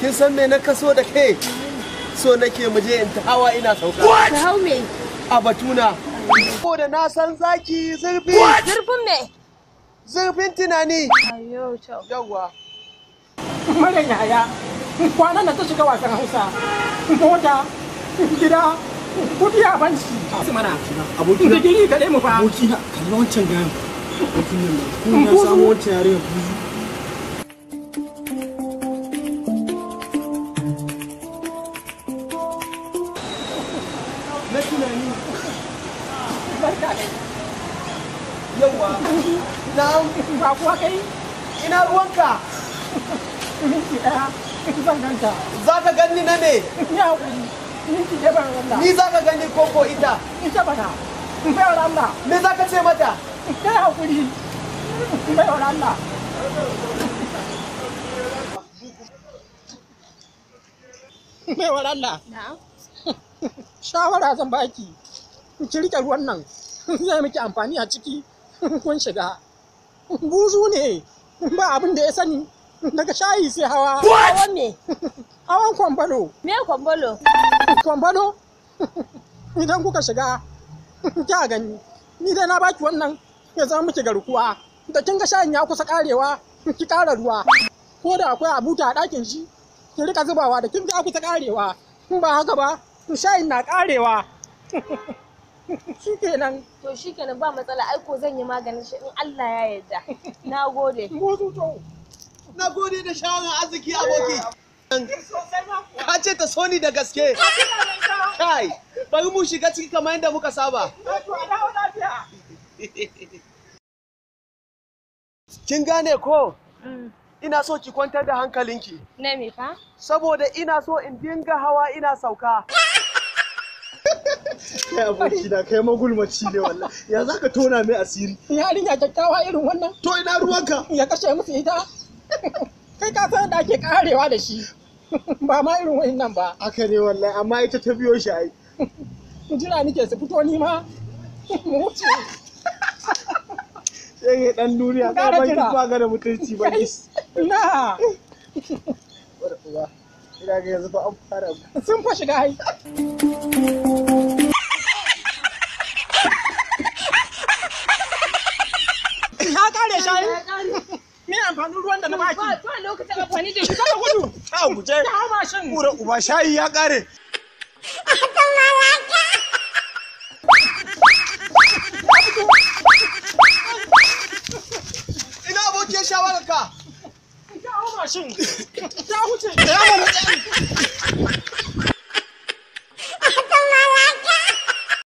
kin san me na kaso da ke so nake mu je in ta hawa ina sauka what how me a batuna ko da na san zaki zurfi zurfin me zurfin tunani ayo mare yaya kwanan da ta shiga wasan Hausa mota gida kudi a su mana aboki digiri kadai mu fa aboki kallon wancan abokin nan ko na samu wancan yare ya buzu tunani barka da yawa na kakuwa ina ruwanka za ka ganni na ne ya ni za ka ganni ko ko ita bana me za ka ce mata kai hakuri bayar Allah shawara zan baki ki rike ruwan nan zai miki amfani a ciki kun shiga buzu ne ba abin da ya sani daga shayi sai hawa hawan me hawan kwambalo me kwambalo kwambalo idan kuka shiga kya gani ni dai na baki wannan ya zama miki garkuwa da kin shayin ya kusa karewa ki kara ruwa ko da akwai abuta a dakin shi ki rika zubawa da kin ga kusa karewa ba haka ba shayin na karewa shikenan to shikenan ba matsala aiko zan yi maganin shi in Allah ya yarda na gode na gode da shawarar arziki aboki ka ce ta soni da gaske kai bari mu shiga ciki kamar yadda muka saba kin gane ko mm. ina so ki kwantar da hankalinki ne me fa saboda ina so in dinga hawa ina sauka kai aboki na kai magulmaci ne wallahi ya zaka tona mai asiri yarinya kyakkyawa irin wannan to ina ruwanka ya kashe musu ita kai ka san da ake karewa da shi ba ma irin wannan ba haka ne wallahi amma ita ta biyo shi ai jira nike su fito ni ma mu wuce sai dan duniya ka ban ba ga da mutunci ba na ina ga yanzu ba an fara sun fa shiga ai amfanin ruwan da na baki ba lokacin amfani da shi ka gudu guje hau mashin kura uba shayi ya kare ina abokiyar shawarar ka hau mashin ta huce hau mashin